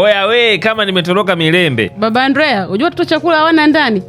Oya we, kama nimetoroka milembe. Baba Andrea, unajua watoto chakula hawana ndani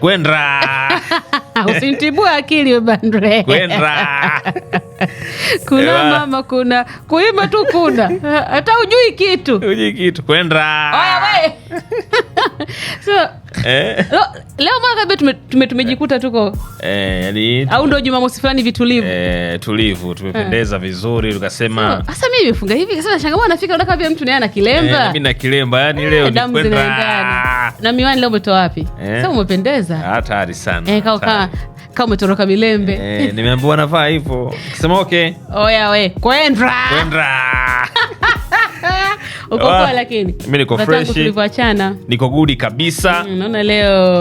kwenda usintibua akili baba Andrea, kwenda kuna mama, kuna kuima tu, kuna hata ujui kitu, ujui kitu, kwenda oya we so eh. Leo mara kabe tumejikuta tuko eh, yani, au ndo Jumamosi fulani vitulivu eh, tulivu tumependeza eh, vizuri tukasema sasa mimi nimefunga hivi sasa shangaa nafika daka vile mtu naye ana kilemba eh, mimi na kilemba yani eh, leo damu zinaendana na miwani leo umetoa wapi eh, sasa umependeza hatari sana eh, kama kama umetoroka milembe eh, nimeambiwa navaa hivyo kisema okay oya we kwendra kwendra ukopoa ah, lakini mi niko fresh, tulivyoachana niko gudi kabisa. Mm, naona leo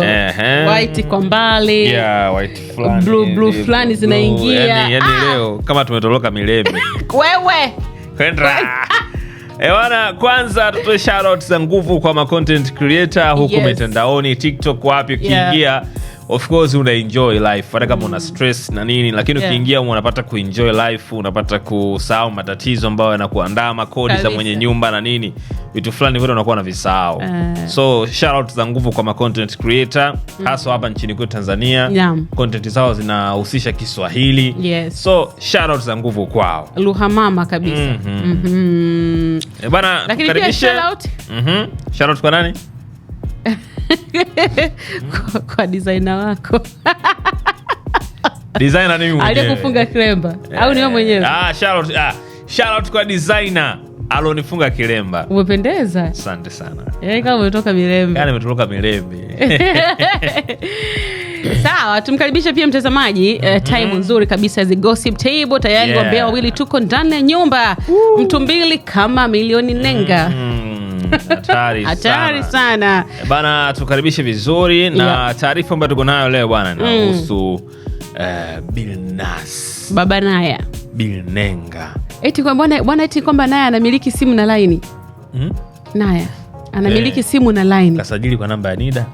white kwa mbali, yeah, white blue blue zinaingia yani, yani ah. Leo kama tumetoloka milembe wewe kwenda Ewana, eh, kwanza tutoe shout out za nguvu kwa ma content creator huku yes. Mitandaoni TikTok wapi ukiingia yeah of course enjoy life hata kama mm. una stress na nini lakini yeah. ukiingia unapata kuenjoy life unapata kusahau matatizo ambayo yanakuandama kodi za mwenye nyumba na nini vitu fulani vyote unakuwa na visahau uh. Eh. so shoutout za nguvu kwa macontent content creator mm. haswa hapa nchini kwetu tanzania kontenti yeah. zao zinahusisha kiswahili yes. so shoutout za nguvu kwao luhamama kabisa mm-hmm. Mm-hmm. E bana, karibishe pia shoutout mm-hmm. shoutout kwa nani kwa, kwa wako aliyekufunga kilemba yeah. au niwe wewe mwenyewe? Ah, shout ah, shout kwa designer alonifunga kilemba. Umependeza, asante sana. yani eh, kama umetoka mirembe yani umetoka mirembe Sawa, tumkaribishe pia mtazamaji mm -hmm. Uh, nzuri kabisa ya gossip table tayari, yeah. Wambea wawili tuko ndani ya nyumba, mtu mbili kama milioni nenga mm -hmm. Hatari mm, sana, sana. Eh, bana, tukaribishe vizuri na yeah. Taarifa ambayo tuko nayo leo bwana inahusu mm. uh, eh, Bilnas baba Naya Bilnenga eti bwana eti kwamba Naya anamiliki simu na laini mm? Naya anamiliki eh, simu na laini kasajili kwa namba ya NIDA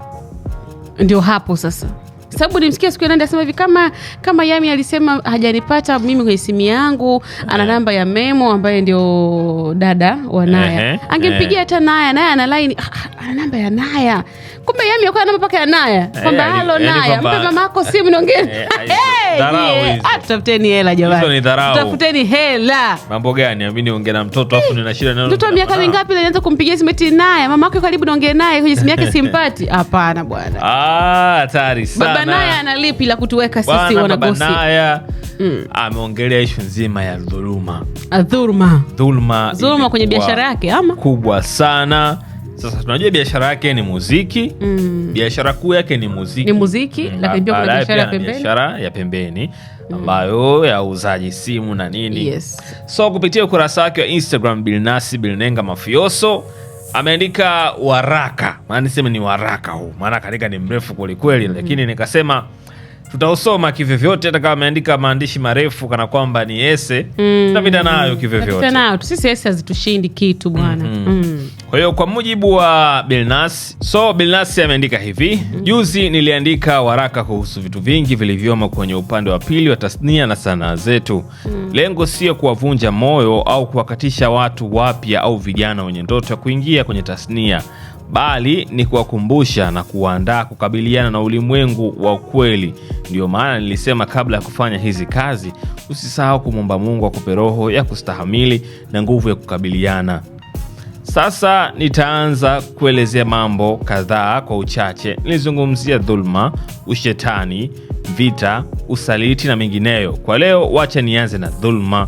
ndio hapo sasa sababu nimsikia siku nandi asema hivi kama kama Yami alisema hajanipata mimi kwenye simu yangu, ana eh. namba ya Memo ambaye ndio dada wa Naya, angempigia eh. hata Naya, Naya ana line, ah, ah, ana namba ya Naya. Kumbe Yami akawa namba paka ya Naya, eh, kwamba halo Naya, mpe mama yako simu, naongea Ah, tafuteni hela jamani, tafuteni hela. Mambo gani? Mimi niongee na mtoto afu nina shida nalo. Mtoto miaka ah. mingapi anaanza kumpigia simu eti naye mama yako karibu, naongee naye kwenye simu yake simpati? Hapana bwana, ah, hatari sana. Baba naye analipi la kutuweka sisi wanagosi? Mm. Ameongelea ishu nzima ya dhuluma, ah, dhuluma, dhuluma kwenye biashara yake ama kubwa sana sasa tunajua biashara yake ni muziki mm. biashara kuu yake ni muziki, ni muziki mm, lakini pia kuna biashara ya pembeni, biashara ya pembeni mm. ambayo ya uuzaji simu na nini yes. So kupitia ukurasa wake wa Instagram Bilnasi Bilnenga Mafioso ameandika waraka, maana niseme ni waraka huu, maana kaandika ni mrefu kwelikweli mm. Mm-hmm. lakini nikasema tutausoma kivyovyote, hata kama ameandika maandishi marefu kana kwamba ni ese mm. tutapita nayo kivyovyote, sisi ese hazitushindi kitu bwana mm-hmm. mm -hmm. mm. Kwa hiyo kwa mujibu wa Bilnas, so Bilnas ameandika hivi: mhm. juzi niliandika waraka kuhusu vitu vingi vilivyomo kwenye upande wa pili wa tasnia na sanaa zetu. Mm. Lengo sio kuwavunja moyo au kuwakatisha watu wapya au vijana wenye ndoto ya kuingia kwenye tasnia, bali ni kuwakumbusha na kuwaandaa kukabiliana na ulimwengu wa ukweli. Ndiyo maana nilisema kabla ya kufanya hizi kazi, usisahau kumwomba Mungu akupe roho ya kustahamili na nguvu ya kukabiliana sasa nitaanza kuelezea mambo kadhaa kwa uchache. Nilizungumzia dhuluma, ushetani, vita, usaliti na mengineyo. Kwa leo, wacha nianze na dhuluma.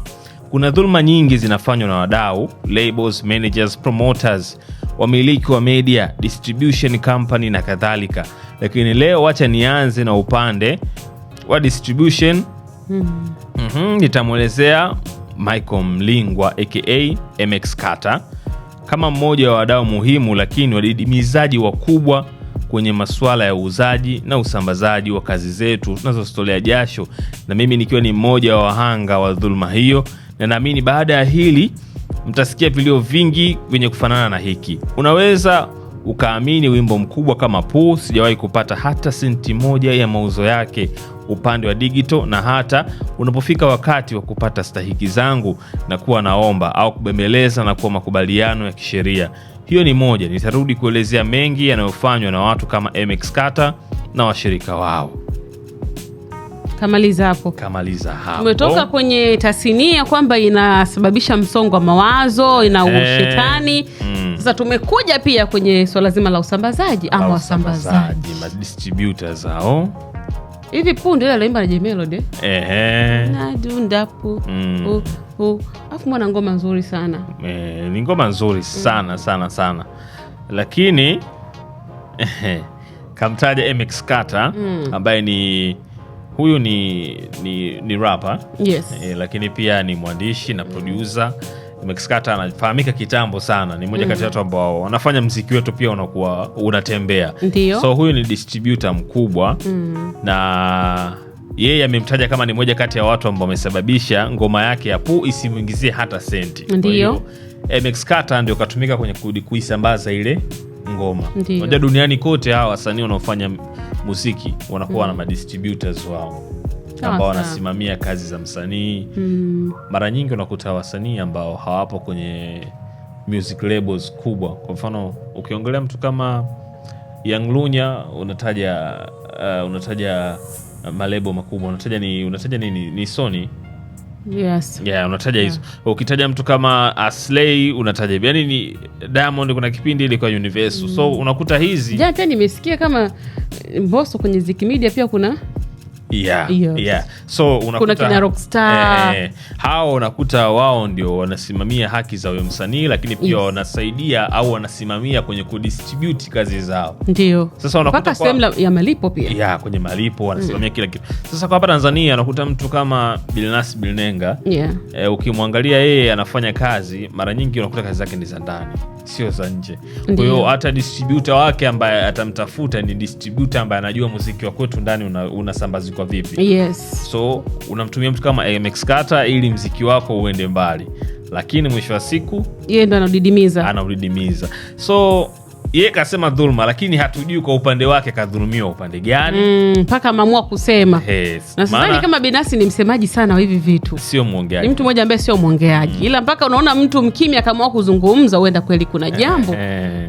Kuna dhuluma nyingi zinafanywa na wadau, labels, managers, promoters, wamiliki wa media, distribution company na kadhalika, lakini leo wacha nianze na upande wa distribution. Mm -hmm. Mhm, Nitamwelezea Michael Mlingwa aka MX Kata kama mmoja wa wadau muhimu, lakini wadidimizaji wakubwa kwenye masuala ya uuzaji na usambazaji wa kazi zetu tunazozitolea jasho, na mimi nikiwa ni mmoja wa wahanga wa dhuluma hiyo, na naamini baada ya hili mtasikia vilio vingi vyenye kufanana na hiki. Unaweza ukaamini wimbo mkubwa kama Pull sijawahi kupata hata senti moja ya mauzo yake upande wa digital, na hata unapofika wakati wa kupata stahiki zangu na kuwa naomba au kubembeleza na kuwa makubaliano ya kisheria. Hiyo ni moja. Nitarudi kuelezea mengi yanayofanywa na watu kama MX Carter na washirika wao. Kamaliza hapo, kamaliza hapo. Umetoka kwenye tasinia kwamba inasababisha msongo wa mawazo, ina eh, ushetani. Hey. Mm. Sasa tumekuja pia kwenye swala so zima la usambazaji ama wasambazaji, madistributa zao hivi punde ile aloimba naje melode eh? nadundapu ehe, mm. Afu mwana ngoma nzuri sana eh, ni ngoma nzuri sana mm. sana sana, lakini kamtaja MX Kata mm. ambaye ni huyu ni, ni, ni rapa yes. eh, lakini pia ni mwandishi na produsa mm. Mexicata anafahamika kitambo sana, ni moja mm. kati ya mhm. watu ambao wanafanya mziki wetu pia unakuwa unatembea. Ndiyo. So huyu ni distributor mkubwa mm. na yeye amemtaja kama ni moja kati ya watu ambao wamesababisha ngoma yake ya Puu isimwingizie hata senti. Ndio. Eh, Mexicata ndio katumika kwenye kuisambaza ile ngoma. Unajua duniani kote hawa wasanii wanaofanya muziki wanakuwa mm. na madistributors wao ambao wanasimamia kazi za msanii mm. Mara nyingi unakuta wasanii ambao hawapo kwenye music labels kubwa. Kwa mfano ukiongelea mtu kama Young Lunya unataja uh, unataja malebo makubwa, unataja ni unataja nini? Ni Sony Yes. Yeah, unataja hizo yeah. Ukitaja mtu kama Aslay unataja yani ni Diamond, kuna kipindi ilikuwa Universal mm. So unakuta hizi jana pia nimesikia kama mboso kwenye zikimedia pia kuna So eh, eh. hao unakuta wao ndio wanasimamia haki za huyo msanii, lakini pia yes, wanasaidia au wanasimamia kwenye kudistribute kazi zao, ndio malipo pia kwenye malipo wanasimamia mm, kila kitu. Sasa kwa hapa Tanzania anakuta mtu kama Bilnas Bilnenga yeah, e, ukimwangalia yeye anafanya kazi mara nyingi unakuta kazi zake ni za ndani sio za nje. Kwa hiyo hata distributa wake ambaye atamtafuta ni distributa ambaye anajua muziki wa kwetu ndani unasambazikwa una vipi. Yes. So unamtumia mtu kama MX Kata ili mziki wako uende mbali, lakini mwisho wa siku yeye ndo anaudidimiza, anaudidimiza so yeye kasema dhuluma lakini hatujui kwa upande wake kadhulumiwa upande gani mm, mpaka mm, ameamua kusema yes. Na sidhani kama binafsi ni msemaji sana wa hivi vitu, sio mwongeaji, ni mtu mmoja ambaye sio mwongeaji mm. Ila mpaka unaona mtu mkimya kama kuzungumza, huenda kweli kuna jambo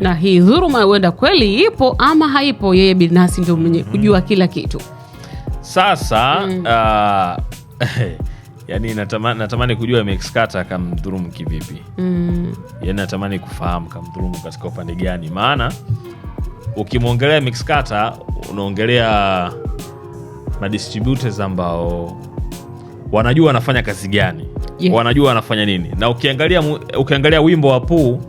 na hii dhuluma huenda kweli ipo ama haipo, yeye binafsi ndio mwenye mm-hmm. kujua mm. kila kitu sasa mm. uh, yani natamani, natamani kujua MX Carter akamdhurumu kivipi mm. Yani natamani kufahamu kamdhurumu katika upande gani, maana ukimwongelea MX unaongelea madistributors ambao wanajua wanafanya kazi gani yeah. Wanajua wanafanya nini, na ukiangalia, ukiangalia wimbo wa Puu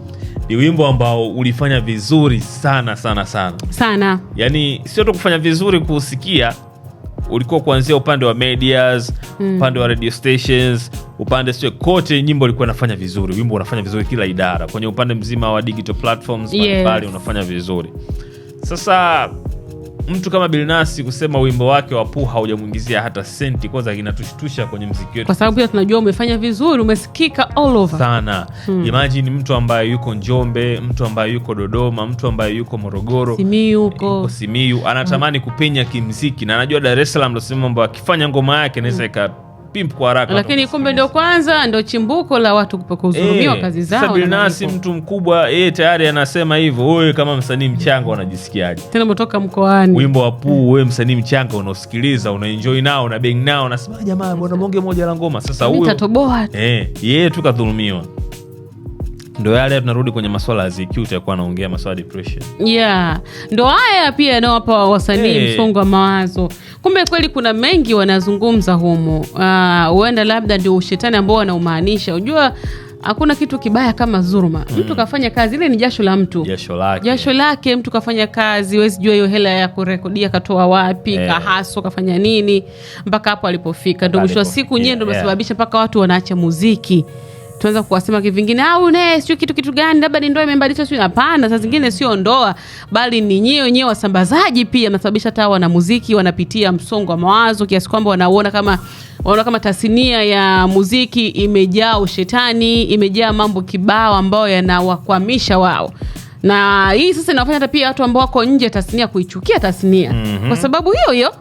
ni wimbo ambao ulifanya vizuri sana sana sana sana, yani sio tu kufanya vizuri kuusikia ulikuwa kuanzia upande wa medias mm. upande wa radio stations upande sio kote, nyimbo ilikuwa inafanya vizuri, wimbo unafanya vizuri kila idara, kwenye upande mzima wa digital platforms mbalimbali unafanya vizuri sasa mtu kama Bilnasi kusema wimbo wake wa Puu haujamwingizia hata senti, kwanza inatushtusha kwenye mziki wetu, kwa sababu pia tunajua umefanya vizuri, umesikika all over sana. Hmm. Imagine mtu ambaye yuko Njombe, mtu ambaye yuko Dodoma, mtu ambaye yuko Morogoro, Simiyu, yuko Simiyu anatamani hmm. kupenya kimziki na anajua Dar es Salaam ndio sehemu ambayo akifanya ngoma yake inaweza hmm pimp kwa haraka, lakini kumbe ndio kwanza ndio chimbuko la watu kudhulumiwa e, eh, kazi zao. Sasa mtu mkubwa yeye tayari anasema hivyo, wewe kama msanii mchanga unajisikiaje? Tena umetoka mkoani, wimbo wa puu, wewe msanii mchanga unaosikiliza unaenjoy nao na bang nao, nasema ah, jamaa, bwana bonge moja la ngoma. Sasa huyo nitatoboa eh, yeye tu kadhulumiwa ndo yale tunarudi kwenye maswala ya ZQ utakuwa anaongea maswala ya depression. Yeah, ndo haya pia yanawapa wasanii hey, eh. msongo wa mawazo kumbe kweli kuna mengi wanazungumza humu. Ah, huenda uh, labda ndio ushetani ambao wanaumaanisha. Unajua hakuna kitu kibaya kama Mm. Mtu kafanya kazi ile ni jasho la mtu, jasho lake, jasho lake mtu kafanya kazi, wezi jua hiyo hela ya kurekodia katoa wapi, yeah. kahaso kafanya nini mpaka hapo alipofika, ndo mwisho wa siku nyewe ndo yeah. mesababisha mpaka watu wanaacha muziki tunaweza kuwasema kivingine au ah, naye sio kitu kitu gani, labda ni ndoa imebadilishwa, sio. Hapana, saa zingine sio ndoa, bali ni nyewe wenyewe wasambazaji pia mnasababisha hata wanamuziki wanapitia msongo wa mawazo kiasi kwamba wanaona kama wanaona kama tasnia ya muziki imejaa ushetani, imejaa mambo kibao ambayo yanawakwamisha wao na hii sasa inafanya hata pia watu ambao wako nje tasnia kuichukia tasnia mm -hmm. kwa sababu hiyo hiyo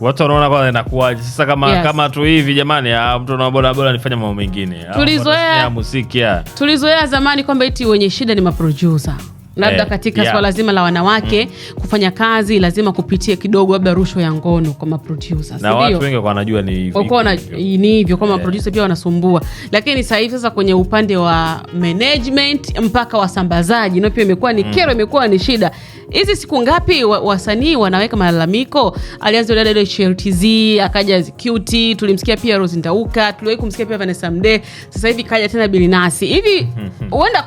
watu wanaona kwanza inakuwaje sasa kama, yes. kama tu hivi jamani, ah, mtu na boda anifanya mambo mengine, ah, tulizoea muziki, tulizoea zamani kwamba eti wenye shida ni maproducer labda eh, katika yeah. swala zima la wanawake mm. kufanya kazi lazima kupitia kidogo labda rushwa ya ngono kwa maproducer, na watu wengi wanajua ni hivyo kwa eh. maproducer pia wanasumbua, lakini sasa hivi sasa kwenye upande wa management mpaka wasambazaji nao pia imekuwa ni mm. kero, imekuwa ni shida hizi siku ngapi wasanii wa wanaweka malalamiko? Alianza dada ile akaja Cutie, tulimsikia pia Rose Ndauka, tuliwahi kumsikia pia Vanessa mde sasa hivi kaja tena Bilinasi hivi mhm. huenda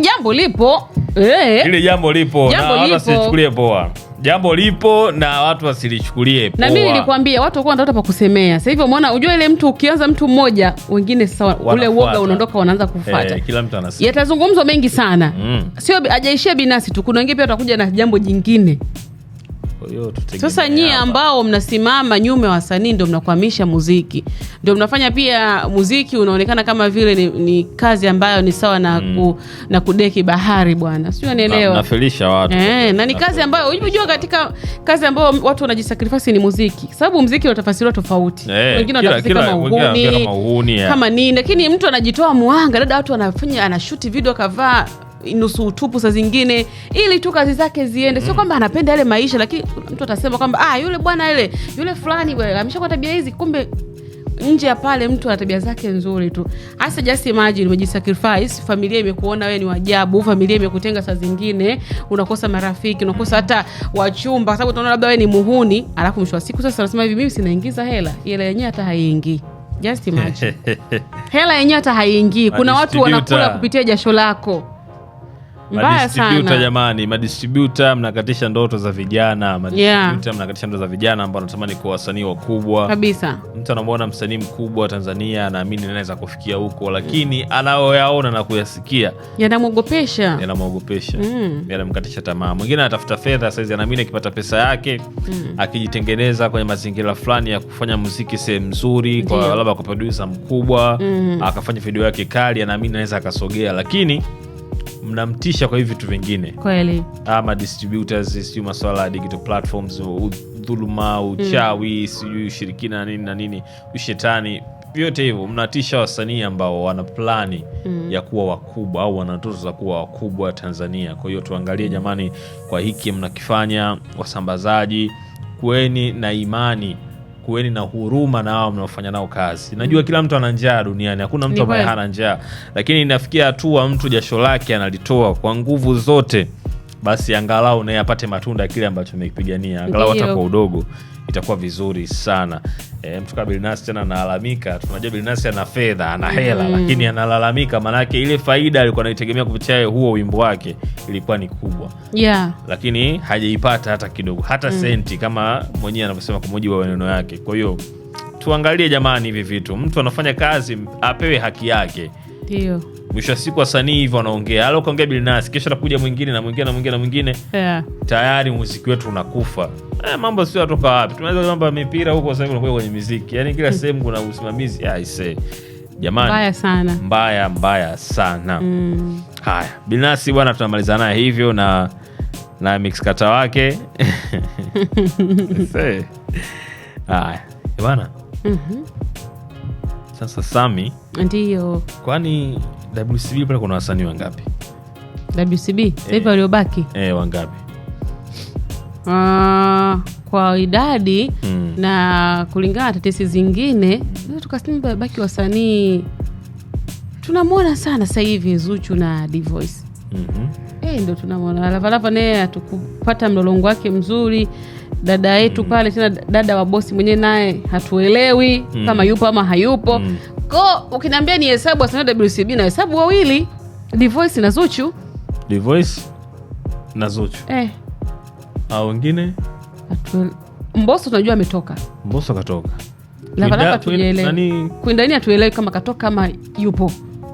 jambo lipo eh, ile jambo lipo, na lipo. sichukulie poa jambo lipo na watu wasilichukulie na mimi nilikwambia watu wako wanatafuta pa kusemea. Sasa hivyo umeona, unajua ile mtu ukianza mtu mmoja wengine sasa ule woga unaondoka, wanaanza kufuata. Hey, eh, kila mtu anasema. Yatazungumzwa mengi sana mm. Sio ajaishia binafsi tu, kuna wengine pia watakuja na jambo jingine sasa nyie ambao mnasimama nyume wasanii ndio mnakwamisha muziki, ndio mnafanya pia muziki unaonekana kama vile ni, ni kazi ambayo ni sawa na, mm. ku, na kudeki bahari bwana, siu nielewa, eh, na ni kazi ambayo ujua katika kazi ambayo watu wanajisakrifasi ni muziki, sababu muziki unatafasiriwa tofauti, eh, wengine wanatafsiri kama uhuni eh. kama nini, lakini mtu anajitoa mwanga dada, watu anafanya anashuti video akavaa nusu utupu saa zingine, ili tu kazi zake ziende. Sio mm. kwamba anapenda yale maisha, lakini mtu atasema kwamba ah, yule bwana ile yule fulani bwana ameshakuwa tabia hizi, kumbe nje ya pale mtu ana tabia zake nzuri tu. Hasa just imagine umejisacrifice, familia imekuona wewe ni wajabu, familia imekutenga, saa zingine unakosa marafiki, unakosa hata wachumba, kwa sababu tunaona labda wewe ni muhuni, alafu mwisho wa siku sasa anasema hivi, mimi sinaingiza hela, hela yenyewe hata haiingii. Just imagine hela yenyewe hata haiingii. Kuna watu wanakula kupitia jasho lako madistributa jamani, madistributa mnakatisha ndoto za vijana, madistributa yeah, mnakatisha ndoto za vijana ambao natamani kuwa wasanii wakubwa kabisa. Mtu anamwona msanii mkubwa Tanzania, anaamini anaweza kufikia huko, lakini anayoyaona na kuyasikia yanamwogopesha, yanamwogopesha, mm, yanamkatisha tamaa. Mwingine anatafuta fedha saizi, anaamini akipata pesa yake mm, akijitengeneza kwenye mazingira fulani ya kufanya muziki sehemu nzuri, kwa labda kwa produsa mkubwa mm, akafanya video yake kali, anaamini anaweza akasogea, lakini mnamtisha kwa hivi vitu vingine kweli, ama distributors, sijui maswala ya digital platforms, dhuluma, hmm. uchawi mm. sijui ushirikina na nini na nini, ushetani vyote hivyo mnatisha wasanii ambao wana plani mm. ya kuwa wakubwa au wana ndoto za kuwa wakubwa Tanzania. Kwa hiyo tuangalie hmm. jamani, kwa hiki mnakifanya, wasambazaji, kuweni na imani kuweni na huruma na hao mnaofanya nao kazi. Najua kila mtu ana njaa duniani, hakuna mtu ambaye hana njaa, lakini inafikia hatua mtu jasho lake analitoa kwa nguvu zote, basi angalau naye apate matunda kile ambacho amekipigania, angalau hata kwa udogo itakuwa vizuri sana. E, mtu Bilnass tena analalamika. Tunajua Bilnass ana fedha ana hela mm, lakini analalamika, maanake ile faida alikuwa anaitegemea kupitia huo wimbo wake ilikuwa ni kubwa yeah, lakini hajaipata hata kidogo, hata mm, senti kama mwenyewe anavyosema kwa mujibu wa maneno yake. Kwa hiyo tuangalie jamani, hivi vitu mtu anafanya kazi apewe haki yake, ndio mwisho wa siku wasanii hivyo wanaongea ala, ukaongea bilnasi kesho atakuja mwingine na mwingine na mwingine na mwingine yeah. Tayari muziki wetu unakufa. Eh, mambo sio atoka wapi, tunaweza mambo ya mipira huko sasa hivi unakuja kwenye muziki, yani kila hmm. sehemu kuna usimamizi aise, jamani, mbaya sana, mbaya mbaya sana mm. Haya, Bilnasi bwana, tunamaliza naye hivyo na na mix wake haya eh, bwana, mm -hmm. Sasa Sami, ndio kwani WCB pale kuna wasanii wangapi? WCB eh. sasa hivi waliobaki e, wangapi? Uh, kwa idadi mm. na kulingana na tetesi zingine tukasema baki wasanii tunamwona sana sasa hivi Zuchu na Dvoice mm -hmm. e, eh, ndo tunamwona Lavalava naye hatukupata mlolongo wake mzuri dada yetu mm. pale tena dada wa bosi mwenyewe naye hatuelewi mm. kama yupo ama hayupo mm. Ko ukiniambia ni hesabu Wasanii WCB na hesabu wawili, Voice na Zuchu. Voice na Zuchu. Eh. Na wengine? Mbosso tunajua ametoka. Mbosso katoka. Lavalava tuelewe. kuindania atuelewe kama katoka kama yupo.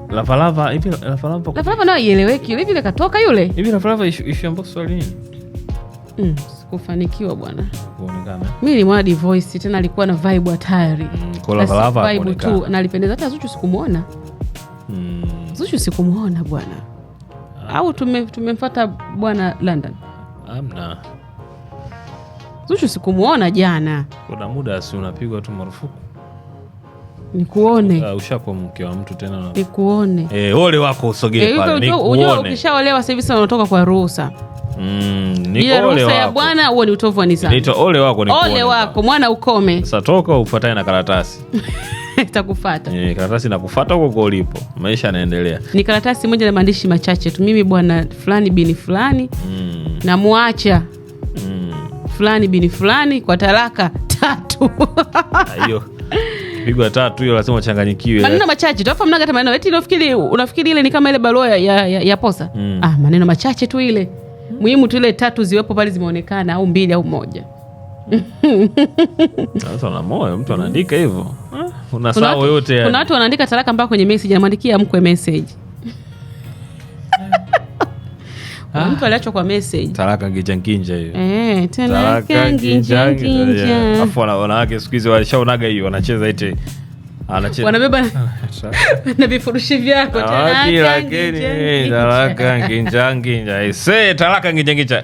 Lavalava hivi Lavalava. Lavalava nayo ieleweki Hivi ile katoka yule. Hivi Lavalava issue ya Mbosso ni Mm kufanikiwa bwana. Mi ni mwana divoisi tena alikuwa na vibe hatari mm, tu nalipendeza. Hata Zuchu sikumwona mm. Zuchu sikumwona bwana ah. Au tumemfata tume bwana London amna Zuchu sikumwona jana. Kuna muda si unapigwa tu marufuku nikuone. Uh, ushakuwa mke wa mtu tena, nikuone. E, ole wako usogee eh, pale nikuone. Ukishaolewa sasa hivi sasa unatoka kwa ruhusa Mm, ruhusa ya bwana huo ni utovu wa nidhamu. Nito ole wako ni ole wako mwana ukome. Sasa toka ufuatane na karatasi. Itakufata. Eh, karatasi inakufuata huko huko ulipo. Maisha yanaendelea. Ni karatasi moja na maandishi machache tu. Mimi bwana fulani bini fulani mm. namuacha mm. fulani bini fulani kwa talaka tatu. Ayo. pigwa tatu hiyo lazima uchanganyikiwe. Maneno machache tu, afa hata maneno eti unafikiri unafikiri ile ni kama ile barua ya, ya, ya posa mm. Ah, maneno machache tu ile Muhimu tu ile tatu ziwepo pale zimeonekana, au mbili au moja. Sasa na moyo mtu anaandika hivyo, ah. unasahau yote. Kuna watu wanaandika taraka mbayo kwenye message, anamwandikia mkwe message Ah. mtu aliachwa kwa message talaka nginjanginja hiyo eh, talaka nginjanginja. Afu wanawake siku hizi walishaonaga hiyo, wanacheza ite wanabeba na vifurushi vyako talaka nginjanginja, talaka nginjanginja.